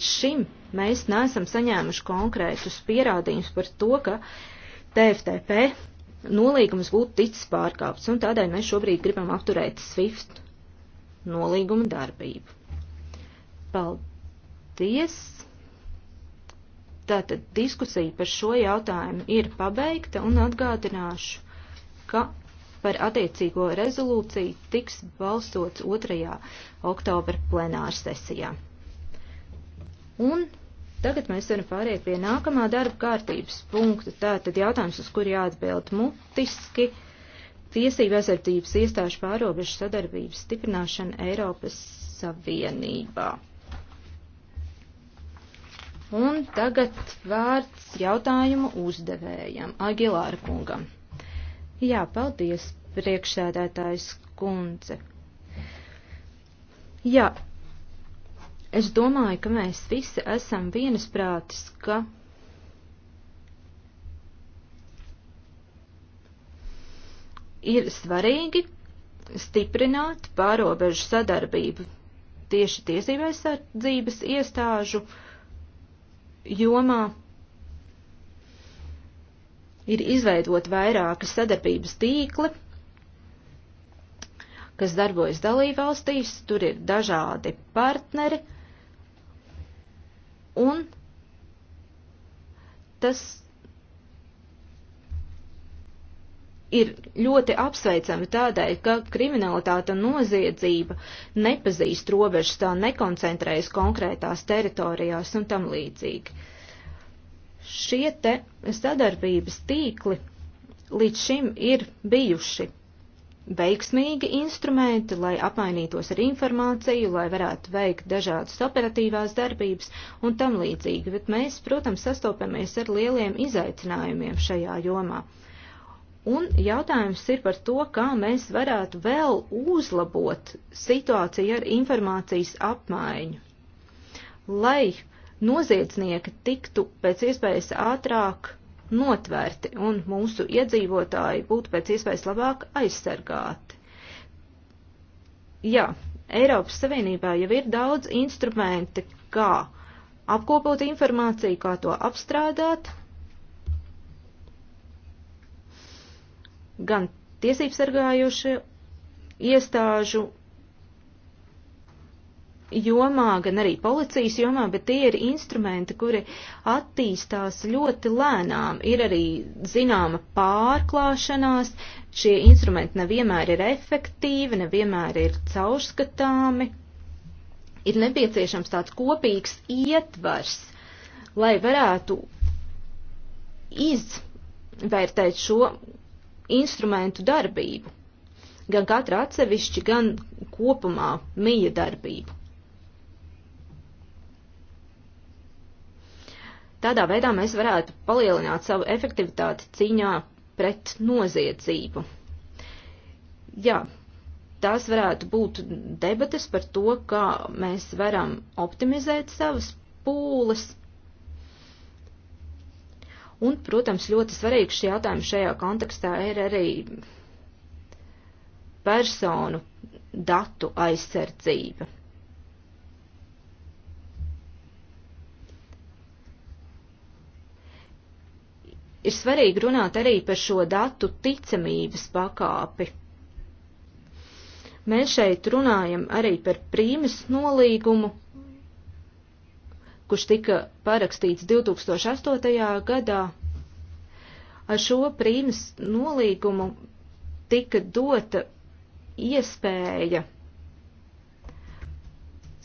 šim mēs neesam saņēmuši konkrētus pierādījumus par to, ka TFTP nolīgums būtu ticis pārkāpts, un tādēļ mēs šobrīd gribam apturēt SWIFT nolīguma darbību. Paldies! Tātad diskusija par šo jautājumu ir pabeigta un atgādināšu, ka par attiecīgo rezolūciju tiks balsots 2. oktobra plenāra sesijā. Un tagad mēs varam pāriet pie nākamā darba kārtības punkta. Tā tad jautājums, uz kuru jāatbild mutiski. Tiesība aizsardzības iestāžu pārobežu sadarbības stiprināšana Eiropas Savienībā. Un tagad vārds jautājumu uzdevējam, Agilāra kungam. Jā, paldies, priekšsēdētājs kundze. Jā, Es domāju, ka mēs visi esam vienasprātis, ka ir svarīgi stiprināt pārobežu sadarbību tieši tiesībēsardzības iestāžu jomā. Ir izveidot vairāki sadarbības tīkli, kas darbojas dalībvalstīs, tur ir dažādi partneri, Un tas ir ļoti apsveicami tādēļ, ka kriminalitāte un noziedzība nepazīst robežas, tā nekoncentrējas konkrētās teritorijās un tam līdzīgi. Šie te sadarbības tīkli līdz šim ir bijuši veiksmīgi instrumenti, lai apmainītos ar informāciju, lai varētu veikt dažādas operatīvās darbības un tam līdzīgi, bet mēs, protams, sastopamies ar lieliem izaicinājumiem šajā jomā. Un jautājums ir par to, kā mēs varētu vēl uzlabot situāciju ar informācijas apmaiņu, lai noziedznieki tiktu pēc iespējas ātrāk notvērti un mūsu iedzīvotāji būtu pēc iespējas labāk aizsargāti. Jā, Eiropas Savienībā jau ir daudz instrumenti, kā apkopot informāciju, kā to apstrādāt, gan tiesības sargājušie iestāžu jomā, gan arī policijas jomā, bet tie ir instrumenti, kuri attīstās ļoti lēnām. Ir arī zināma pārklāšanās, šie instrumenti nevienmēr ir efektīvi, nevienmēr ir caurskatāmi. Ir nepieciešams tāds kopīgs ietvars, lai varētu izvērtēt šo instrumentu darbību, gan katra atsevišķi, gan kopumā mīja darbību. Tādā veidā mēs varētu palielināt savu efektivitāti cīņā pret noziedzību. Jā, tās varētu būt debates par to, kā mēs varam optimizēt savas pūles. Un, protams, ļoti svarīgs šī jautājuma šajā kontekstā ir arī personu datu aizsardzība. ir svarīgi runāt arī par šo datu ticamības pakāpi. Mēs šeit runājam arī par prīmes nolīgumu, kurš tika parakstīts 2008. gadā. Ar šo prīmes nolīgumu tika dota iespēja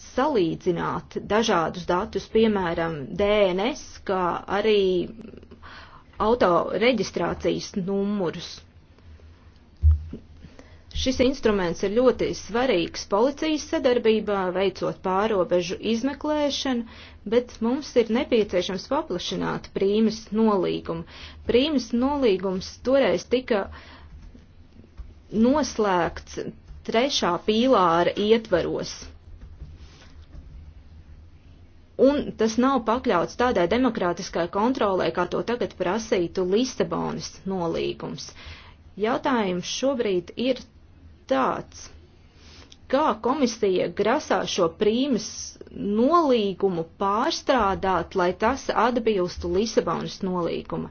salīdzināt dažādus datus, piemēram, DNS, kā arī auto reģistrācijas numurus. Šis instruments ir ļoti svarīgs policijas sadarbībā, veicot pārobežu izmeklēšanu, bet mums ir nepieciešams paplašināt prīmas nolīgumu. Prīmas nolīgums toreiz tika noslēgts trešā pīlāra ietvaros un tas nav pakļauts tādai demokrātiskai kontrolē, kā to tagad prasītu Lisabonas nolīgums. Jautājums šobrīd ir tāds, kā komisija grasās šo prīmas nolīgumu pārstrādāt, lai tas atbilstu Lisabonas nolīguma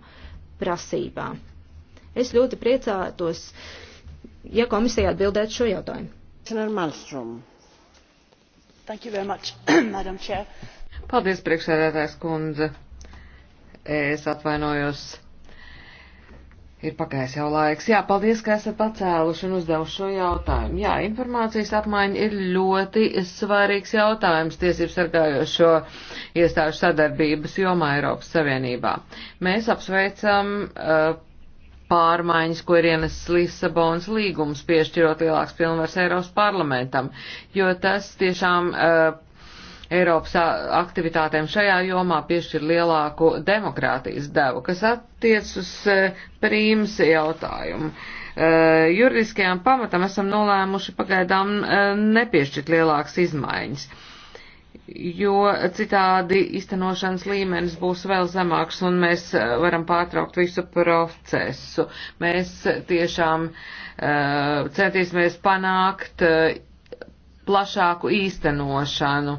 prasībām. Es ļoti priecātos, ja komisija atbildētu šo jautājumu. Thank you very much, Madam Chair. Paldies, priekšsēdētājs kundze. Es atvainojos. Ir pagājis jau laiks. Jā, paldies, ka esat pacēluši un uzdevuši šo jautājumu. Jā, informācijas apmaiņa ir ļoti svarīgs jautājums tiesību sargājošo iestāžu sadarbības jomā Eiropas Savienībā. Mēs apsveicam uh, pārmaiņas, ko ir ienesis Lisabonas līgums, piešķirot lielāks pilnvars Eiropas parlamentam, jo tas tiešām uh, Eiropas aktivitātēm šajā jomā piešķir lielāku demokrātijas devu, kas attiec uz e, prīmas jautājumu. E, juridiskajām pamatam esam nolēmuši pagaidām e, nepiešķirt lielākas izmaiņas, jo citādi iztenošanas līmenis būs vēl zemāks un mēs varam pārtraukt visu procesu. Mēs tiešām centīsimies panākt plašāku īstenošanu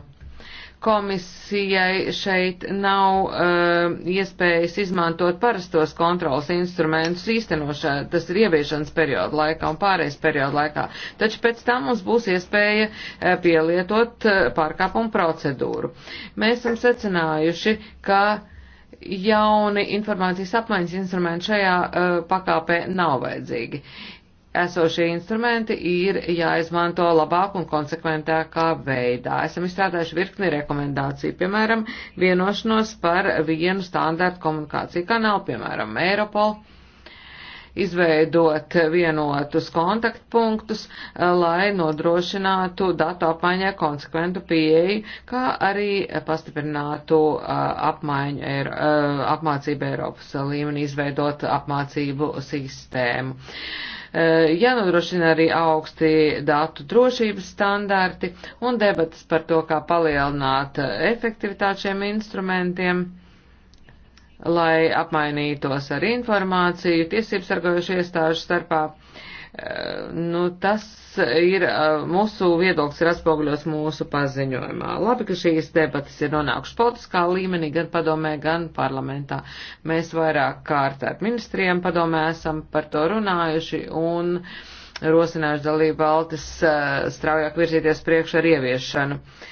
komisijai šeit nav uh, iespējas izmantot parastos kontrolas instrumentus īstenošā, tas ir ieviešanas perioda laikā un pārējais perioda laikā. Taču pēc tam mums būs iespēja uh, pielietot uh, pārkāpumu procedūru. Mēs esam secinājuši, ka jauni informācijas apmaiņas instrumenti šajā uh, pakāpē nav vajadzīgi. Uh, esošie instrumenti ir jāizmanto labāk un konsekventākā veidā. Esam izstrādājuši virkni rekomendāciju, piemēram, vienošanos par vienu standārtu komunikāciju kanālu, piemēram, Eiropolu izveidot vienotus kontaktpunktus, eh, lai nodrošinātu datu apmaiņai konsekventu pieeju, kā arī pastiprinātu eh, apmaiņu, eh, apmācību Eiropas līmenī, izveidot apmācību sistēmu. Jānodrošina arī augsti datu drošības standarti un debatas par to, kā palielināt efektivitāti šiem instrumentiem lai apmainītos ar informāciju tiesību sargojušu iestāžu starpā. Eh, nu, tas ir eh, mūsu viedoklis, ir atspoguļos mūsu paziņojumā. Labi, ka šīs debatas ir nonākušas politiskā līmenī, gan padomē, gan parlamentā. Mēs vairāk kārt ar ministriem padomē esam par to runājuši un rosinājuši dalību valstis eh, straujāk virzīties priekš ar ieviešanu. Uh,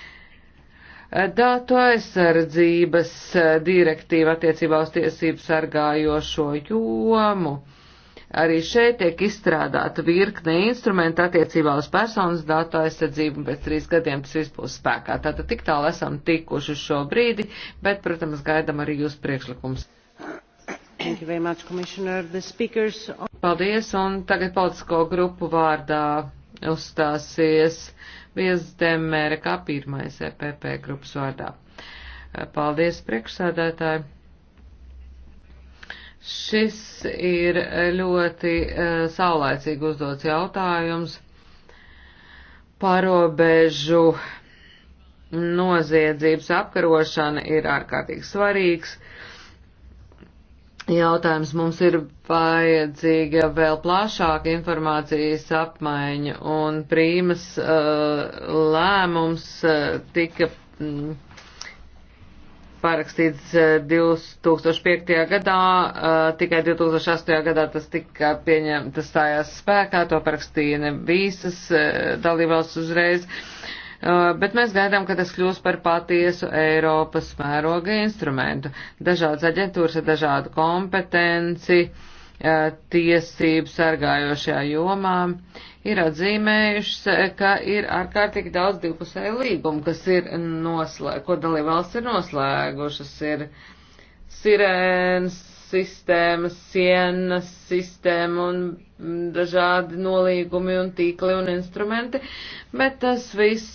Dātu aizsardzības direktīva attiecībā uz tiesību sargājošo jomu. Arī šeit tiek izstrādāta virkne instrumentu attiecībā uz personas datu aizsardzību, un pēc trīs gadiem tas viss būs spēkā. Tātad tik tālu esam tikuši uz šo brīdi, bet, protams, gaidam arī jūs priekšlikums. Much, speakers... Paldies, un tagad politisko grupu vārdā uzstāsies. Uh, Viezdemēra kā pirmais EPP grupas vārdā. Paldies, priekšsādētāji! Šis ir ļoti uh, e, saulēcīgi uzdots jautājums parobežu noziedzības apkarošana ir ārkārtīgi svarīgs Jautājums mums ir vajadzīga vēl plašāka informācijas apmaiņa, un prīmas uh, lēmums uh, tika mm, parakstīts uh, 2005. gadā, uh, tikai 2008. gadā tas tika pieņemts, tas stājās spēkā, to parakstīja ne visas uh, dalībvalsts uzreiz. Uh, Uh, bet mēs gaidām, ka tas kļūs par patiesu Eiropas mēroga instrumentu. Dažādas aģentūras ar dažādu kompetenci uh, tiesību sargājošajā jomā ir atzīmējušas, uh, ka ir ārkārtīgi daudz divpusēju līgumu, kas ir noslēgušas, ko dalībvalsts ir noslēgušas, ir sirēnas sistēmas, sienas sistēma un mm, dažādi nolīgumi un tīkli un instrumenti, bet tas viss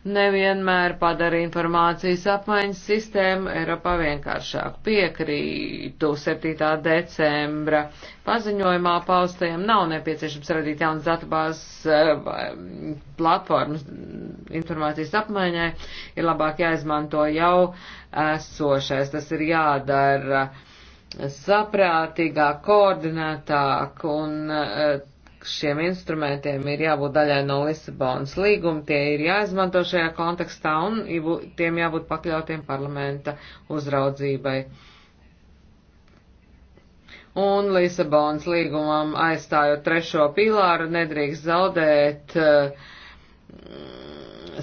nevienmēr padara informācijas apmaiņas sistēmu Eiropā vienkāršāku. Piekrītu 7. decembra paziņojumā paustajiem nav nepieciešams radīt jaunas datubāzes eh, platformas informācijas apmaiņai, ir labāk jāizmanto jau esošais. Tas ir jādara saprātīgāk, koordinētāk un eh, šiem instrumentiem ir jābūt daļai no Lisabonas līguma, tie ir jāizmanto šajā kontekstā un tiem jābūt pakļautiem parlamenta uzraudzībai. Un Lisabonas līgumam aizstājot trešo pilāru nedrīkst zaudēt uh,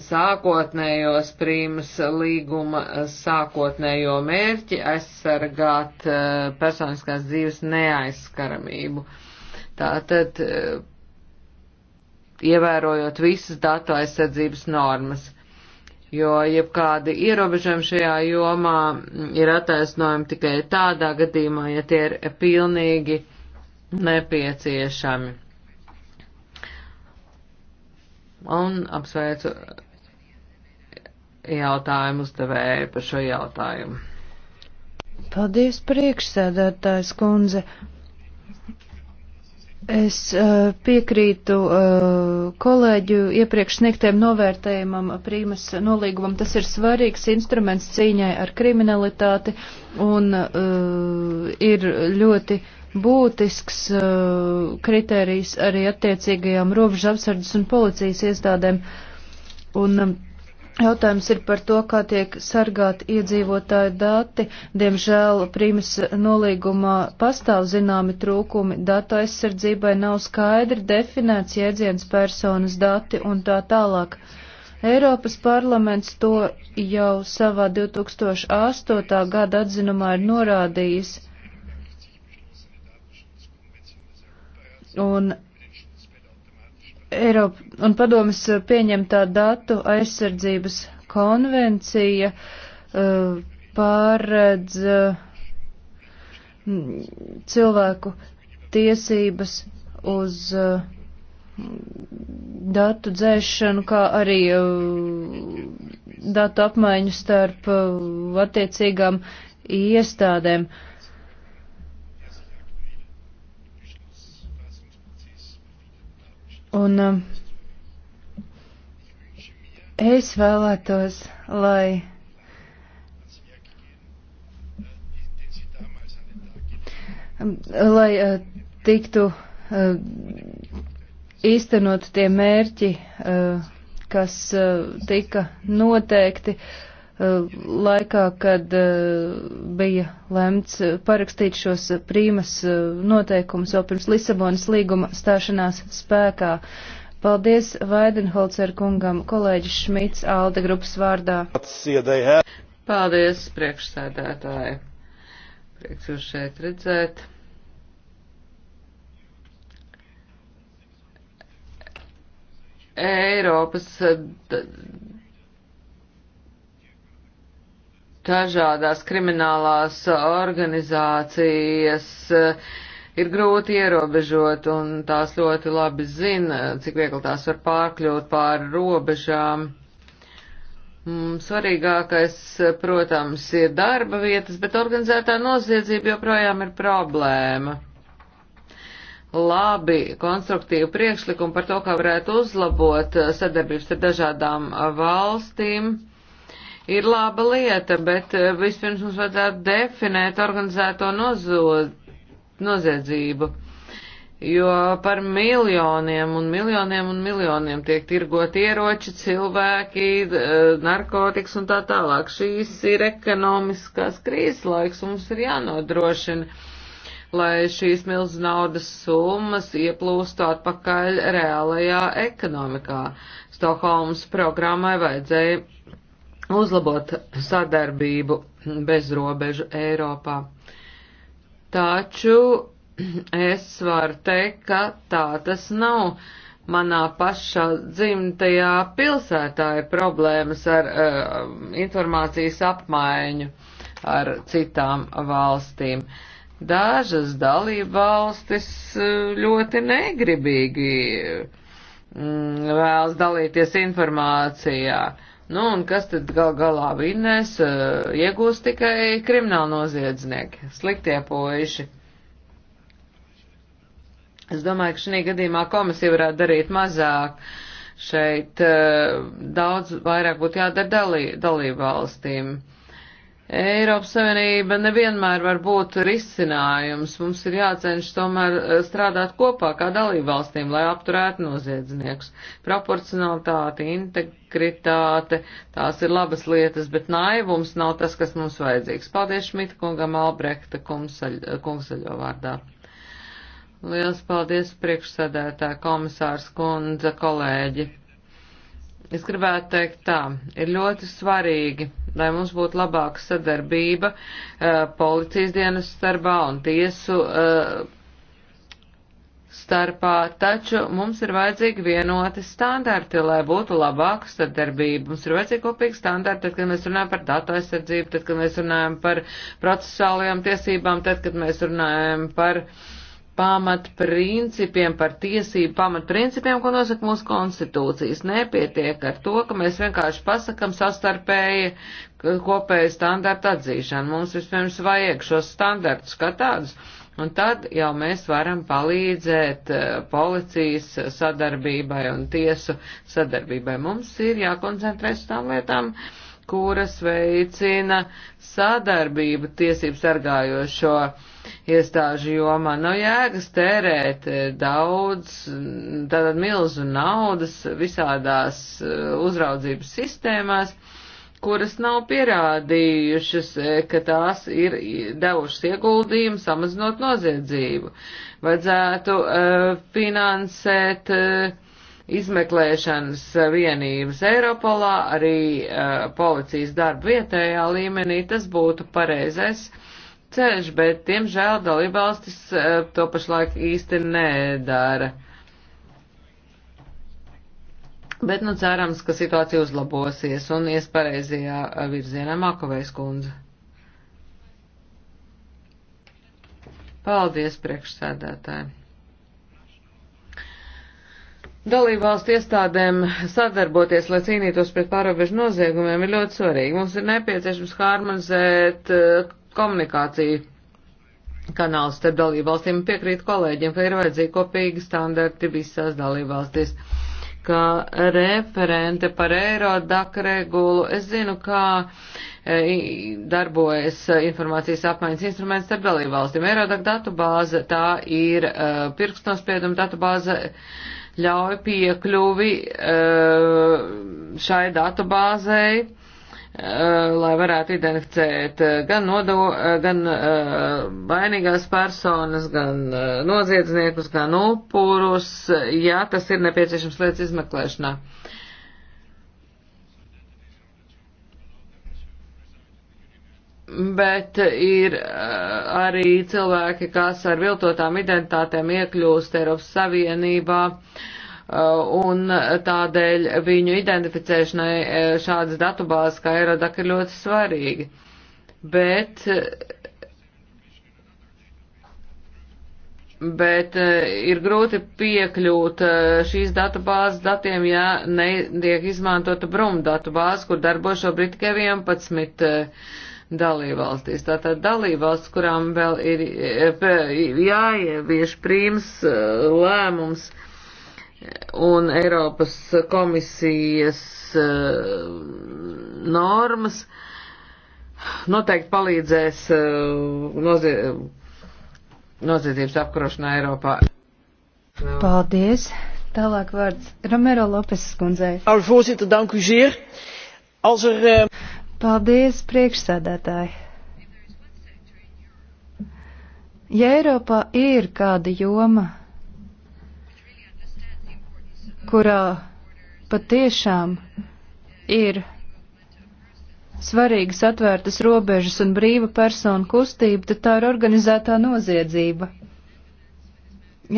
sākotnējos prīmas līguma sākotnējo mērķi aizsargāt uh, personiskās dzīves neaizskaramību. Uh, Tātad, eh, ievērojot visas datu aizsardzības normas, jo jebkādi ierobežojumi šajā jomā ir attaisnojami tikai tādā gadījumā, ja tie ir pilnīgi nepieciešami. Un apsveicu jautājumu uzdevēju par šo jautājumu. Paldies, priekšsēdētājs kundze. Es uh, piekrītu uh, kolēģu iepriekš sniegtiem novērtējumam prīmas nolīgumam. Tas ir svarīgs instruments cīņai ar kriminalitāti un uh, ir ļoti būtisks uh, kritērijs arī attiecīgajām robežu apsardzes un policijas iestādēm. Un, um, Jautājums ir par to, kā tiek sargāti iedzīvotāju dati. Diemžēl prīmas nolīgumā pastāv zināmi trūkumi. Datu aizsardzībai nav skaidri definēts jēdziens personas dati un tā tālāk. Eiropas parlaments to jau savā 2008. gada atzinumā ir norādījis. Un Eiropa un padomas pieņemtā datu aizsardzības konvencija uh, pārredz uh, cilvēku tiesības uz uh, datu dzēšanu, kā arī uh, datu apmaiņu starp uh, attiecīgām iestādēm. Uh, Un um, es vēlētos, lai. Um, lai uh, tiktu uh, īstenot tie mērķi, uh, kas uh, tika noteikti, uh, Eh, laikā, kad eh, bija lemts parakstīt šos eh, prīmas noteikumus vēl pirms Lisabonas līguma stāšanās spēkā. Paldies Vaidenholzer kungam, kolēģis Šmits, Alde grupas vārdā. Paldies, priekšsēdētāji. Prieks jūs šeit redzēt. Eiropas dažādās kriminālās organizācijas eh, ir grūti ierobežot, un tās ļoti labi zina, cik viegli tās var pārkļūt pāri robežām. Mm, svarīgākais, protams, ir darba vietas, bet organizētā noziedzība joprojām ir problēma. Labi, konstruktīvi priekšlikumi par to, kā varētu uzlabot eh, sadarbības ar dažādām eh, valstīm ir laba lieta, bet eh, vispirms mums vajadzētu definēt organizēto nozod, noziedzību, jo par miljoniem un miljoniem un miljoniem tiek tirgot ieroči, cilvēki, eh, narkotikas un tā tālāk. Šīs ir ekonomiskās krīzes laiks, mums ir jānodrošina lai šīs milz naudas summas ieplūstu atpakaļ reālajā ekonomikā. Stokholmas programmai vajadzēja uzlabot sadarbību bez robežu Eiropā. Taču es varu teikt, ka tā tas nav. Manā pašā dzimtajā pilsētā ir problēmas ar uh, informācijas apmaiņu ar citām valstīm. Dažas dalība valstis eh, ļoti negribīgi mm, vēlas dalīties informācijā. Uh, Nu, un kas tad gal galā vinnēs, uh, iegūs tikai krimināli noziedznieki, sliktie puiši. Es domāju, ka šī gadījumā komisija varētu darīt mazāk. Šeit uh, daudz vairāk būtu jādara dalī, dalību valstīm. Uh, Eiropas Savienība nevienmēr var būt risinājums. Mums ir jācenš tomēr eh, strādāt kopā kā dalībvalstīm, lai apturētu noziedzniekus. Proporcionalitāte, integritāte, tās ir labas lietas, bet naivums nav tas, kas mums vajadzīgs. Paldies Šmita kungam Albrekta kungsaļo vārdā. Liels paldies priekšsēdētā komisārs kundze kolēģi. Es gribētu teikt tā, ir ļoti svarīgi, lai mums būtu labāka sadarbība uh, policijas dienas starpā un tiesu uh, starpā, taču mums ir vajadzīgi vienoti standarti, lai būtu labāka sadarbība. Mums ir vajadzīgi kopīgi standarti, tad, kad mēs runājam par datu aizsardzību, tad, kad mēs runājam par procesuālajām tiesībām, tad, kad mēs runājam par uh, pamatprincipiem, par tiesību pamatprincipiem, ko nosaka mūsu konstitūcijas. Nepietiek ar to, ka mēs vienkārši pasakam sastarpēji kopēju standartu atzīšanu. Mums vispirms vajag šos standartus kā tādus, un tad jau mēs varam palīdzēt eh, policijas sadarbībai un tiesu sadarbībai. Mums ir jākoncentrēs uz tām lietām. Uh, kuras veicina sadarbību tiesību sargājošo iestāžu jomā. Nav jēgas tērēt eh, daudz, mm, tātad milzu naudas visādās eh, uzraudzības sistēmās, kuras nav pierādījušas, eh, ka tās ir devušas ieguldījumu samazinot noziedzību. Vajadzētu uh, finansēt uh, izmeklēšanas vienības Eiropolā, arī uh, policijas darba vietējā līmenī, tas būtu pareizais ceļš, bet, diemžēl, dalībvalstis uh, to pašlaik īsti nedara. Bet, nu, cerams, ka situācija uzlabosies un ies pareizajā virzienā Makovejs kundze. Paldies, priekšsēdētāji! Dalībvalstu iestādēm sadarboties, lai cīnītos pret pārobežu noziegumiem, ir ļoti svarīgi. Mums ir nepieciešams harmonizēt eh, komunikāciju kanāls starp dalībvalstīm. Piekrīt kolēģiem, ka ir vajadzīgi kopīgi standarti visās dalībvalstīs. Kā referente par eiro DAK regulu, es zinu, kā eh, darbojas eh, informācijas apmaiņas instruments starp dalībvalstīm. Eirodak datubāze, tā ir pirkstnospiedumu datubāze. Uh, ļauj piekļuvi eh, šai datubāzei, eh, lai varētu identificēt eh, gan, nodo, gan vainīgās personas, gan noziedzniekus, gan upurus, ja tas ir nepieciešams lietas izmeklēšanā. bet ir eh, arī cilvēki, kas ar viltotām identitātēm iekļūst Eiropas Savienībā, eh, un tādēļ viņu identificēšanai eh, šādas datubāzes kā Eirodak ir ļoti svarīgi. Bet bet uh, ir grūti piekļūt uh, šīs datubāzes datiem, ja netiek izmantota brumdatu bāze, kur darbo šobrīd tikai 11 uh, dalībvalstīs. Tātad dalībvalsts, kurām vēl ir e, e, jāievieš prīms e, lēmums un Eiropas komisijas normas, noteikti palīdzēs noziedzības apkarošanā Eiropā. Paldies! Tālāk vārds Romero Lopes skundzei. Voorzitter, dank u zeer. Als er. Uh... Paldies, priekšsēdētāji! Ja Eiropā ir kāda joma, kurā patiešām ir svarīgas atvērtas robežas un brīva persona kustība, tad tā ir organizētā noziedzība.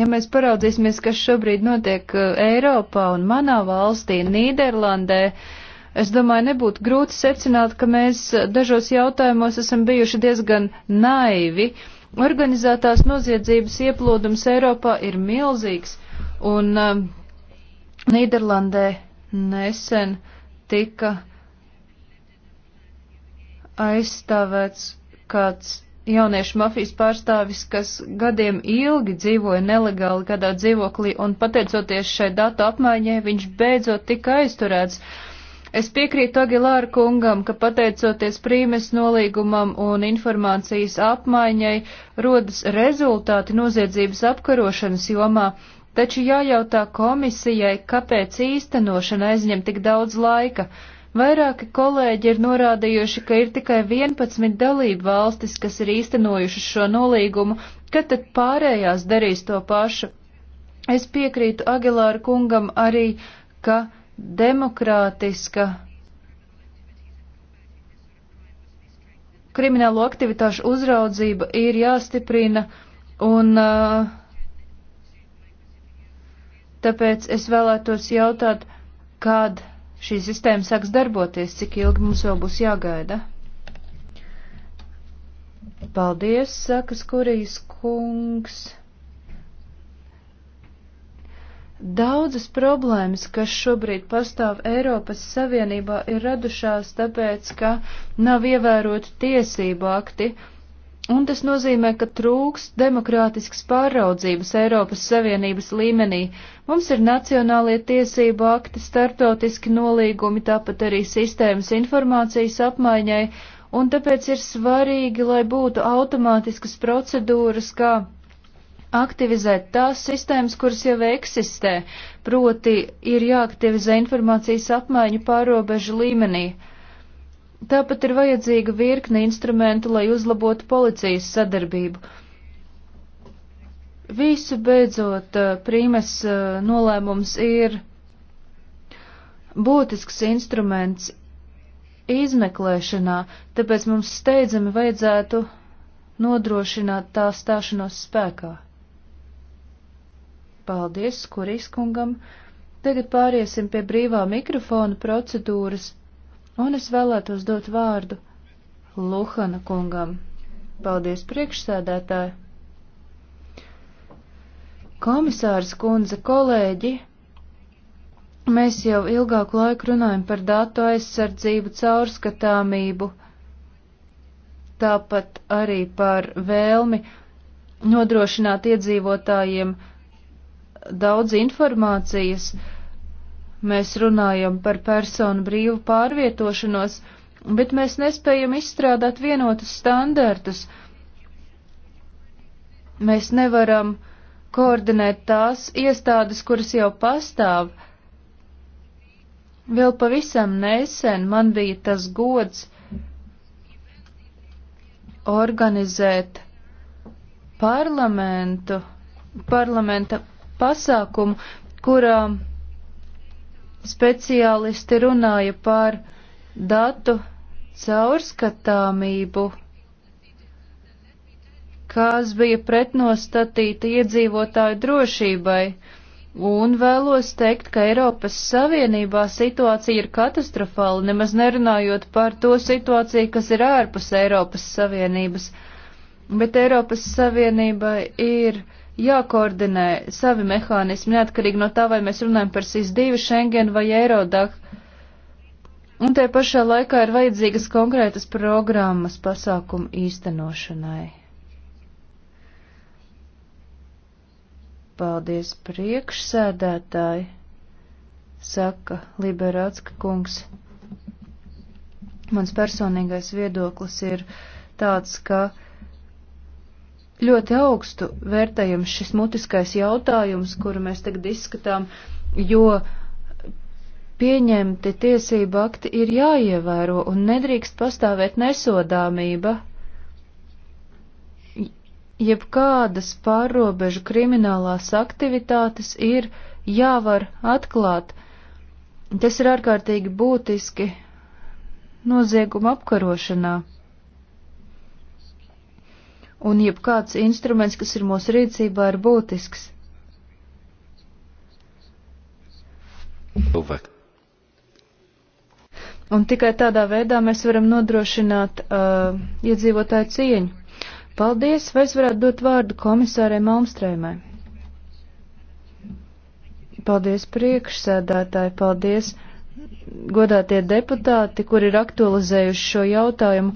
Ja mēs paraudzīsimies, kas šobrīd notiek uh, Eiropā un manā valstī, Nīderlandē, uh, Es domāju, nebūtu grūti secināt, ka mēs dažos jautājumos esam bijuši diezgan naivi. Organizētās noziedzības ieplūdums Eiropā ir milzīgs, un um, Nīderlandē nesen tika aizstāvēts kāds jauniešu mafijas pārstāvis, kas gadiem ilgi dzīvoja nelegāli kādā dzīvoklī, un pateicoties šai datu apmaiņai, viņš beidzot tika aizturēts. Uh, Es piekrītu Agilāra kungam, ka pateicoties prīmes nolīgumam un informācijas apmaiņai rodas rezultāti noziedzības apkarošanas jomā, taču jājautā komisijai, kāpēc īstenošana aizņem tik daudz laika. Vairāki kolēģi ir norādījuši, ka ir tikai 11 dalību valstis, kas ir īstenojušas šo nolīgumu, kad tad pārējās darīs to pašu. Es piekrītu Agilāra kungam arī, ka demokrātiska kriminālo aktivitāšu uzraudzība ir jāstiprina, un uh, tāpēc es vēlētos jautāt, kad šī sistēma sāks darboties, cik ilgi mums vēl būs jāgaida. Paldies, saka Skurijas kungs. Daudzas problēmas, kas šobrīd pastāv Eiropas Savienībā, ir radušās tāpēc, ka nav ievēroti tiesību akti, un tas nozīmē, ka trūks demokrātisks pāraudzības Eiropas Savienības līmenī. Mums ir nacionālie tiesību akti, startautiski nolīgumi, tāpat arī sistēmas informācijas apmaiņai, un tāpēc ir svarīgi, lai būtu automātiskas procedūras, kā aktivizēt tās sistēmas, kuras jau eksistē, proti ir jāaktivizē informācijas apmaiņu pārobežu līmenī. Tāpat ir vajadzīga virkne instrumentu, lai uzlabotu policijas sadarbību. Visu beidzot, eh, prīmes eh, nolēmums ir būtisks instruments izmeklēšanā, tāpēc mums steidzami vajadzētu nodrošināt tā stāšanos spēkā. Paldies Skuriskungam. Tagad pāriesim pie brīvā mikrofona procedūras, un es vēlētos dot vārdu Luhana kungam. Paldies priekšsēdētāji. Komisārs kundze, kolēģi, mēs jau ilgāku laiku runājam par datu aizsardzību, caurskatāmību, tāpat arī par vēlmi nodrošināt iedzīvotājiem daudz informācijas. Mēs runājam par personu brīvu pārvietošanos, bet mēs nespējam izstrādāt vienotus standartus. Mēs nevaram koordinēt tās iestādes, kuras jau pastāv. Vēl pavisam nesen man bija tas gods organizēt parlamentu, parlamenta pasākumu, kurā speciālisti runāja par datu caurskatāmību, kas bija pretnostatīta iedzīvotāju drošībai, un vēlos teikt, ka Eiropas Savienībā situācija ir katastrofāla, nemaz nerunājot par to situāciju, kas ir ārpus Eiropas Savienības. Bet Eiropas Savienībai ir jākoordinē savi mehānismi, neatkarīgi no tā, vai mēs runājam par SIS-2, Schengen vai Eirodak. Un te pašā laikā ir vajadzīgas konkrētas programmas pasākumu īstenošanai. Paldies priekšsēdētāji, saka Liberācka kungs. Mans personīgais viedoklis ir tāds, ka ļoti augstu vērtējam šis mutiskais jautājums, kuru mēs tagad izskatām, jo pieņemti tiesība akti ir jāievēro un nedrīkst pastāvēt nesodāmība. Jebkādas pārrobežu kriminālās aktivitātes ir jāvar atklāt. Tas ir ārkārtīgi būtiski nozieguma apkarošanā un jebkāds instruments, kas ir mūsu rīcībā, ir būtisks. Cilvēki. Un tikai tādā veidā mēs varam nodrošināt uh, iedzīvotāju cieņu. Paldies, vai es varētu dot vārdu komisārai Malmstrēmai? Paldies priekšsēdētāji, paldies godātie deputāti, kuri ir aktualizējuši šo jautājumu.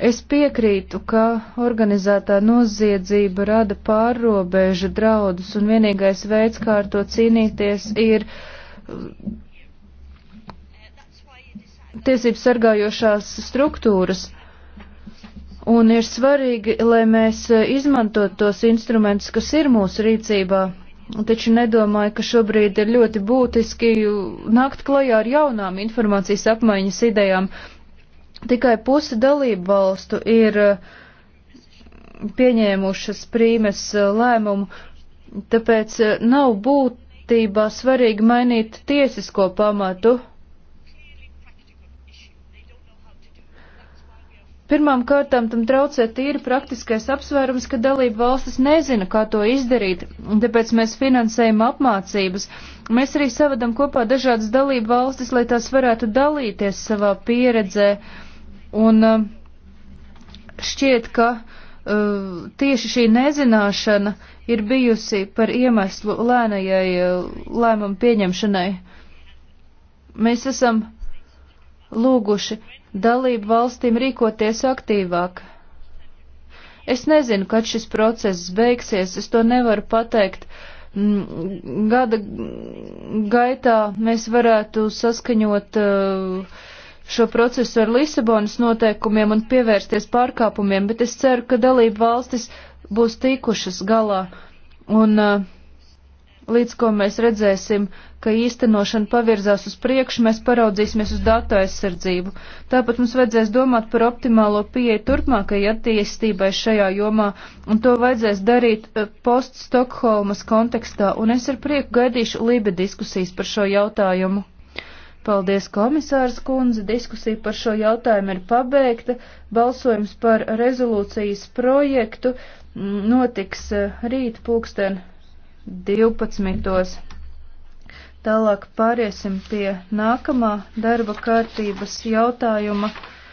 Es piekrītu, ka organizētā noziedzība rada pārrobežu draudus, un vienīgais veids, kā ar to cīnīties, ir uh, tiesību sargājošās struktūras. Un ir svarīgi, lai mēs uh, izmantot tos instrumentus, kas ir mūsu rīcībā, taču nedomāju, ka šobrīd ir ļoti būtiski uh, nākt klajā ar jaunām informācijas apmaiņas idejām. Tikai puse dalību valstu ir eh, pieņēmušas prīmes eh, lēmumu, tāpēc eh, nav būtībā svarīgi mainīt tiesisko pamatu. Pirmām kārtām tam traucē tīri praktiskais apsvērums, ka dalība valstis nezina, kā to izdarīt, tāpēc mēs finansējam apmācības. Mēs arī savadam kopā dažādas dalību valstis, lai tās varētu dalīties savā pieredzē. Uh, Un uh, šķiet, ka uh, tieši šī nezināšana ir bijusi par iemeslu lēnajai uh, lēmumu pieņemšanai. Mēs esam lūguši dalību valstīm rīkoties aktīvāk. Es nezinu, kad šis process beigsies, es to nevaru pateikt. Mm, gada gaitā mēs varētu saskaņot uh, šo procesu ar Lisabonas noteikumiem un pievērsties pārkāpumiem, bet es ceru, ka dalība valstis būs tikušas galā. Un uh, līdz ko mēs redzēsim, ka īstenošana pavirzās uz priekšu, mēs paraudzīsimies uz datu aizsardzību. Tāpat mums vajadzēs domāt par optimālo pieeju turpmākajai attīstībai šajā jomā, un to vajadzēs darīt uh, post Stokholmas kontekstā, un es ar prieku gaidīšu Lībe diskusijas par šo jautājumu. Paldies, komisārs kundze. Diskusija par šo jautājumu ir pabeigta. Balsojums par rezolūcijas projektu notiks eh, rīt pulksten 12. Tālāk pāriesim pie nākamā darba kārtības jautājuma.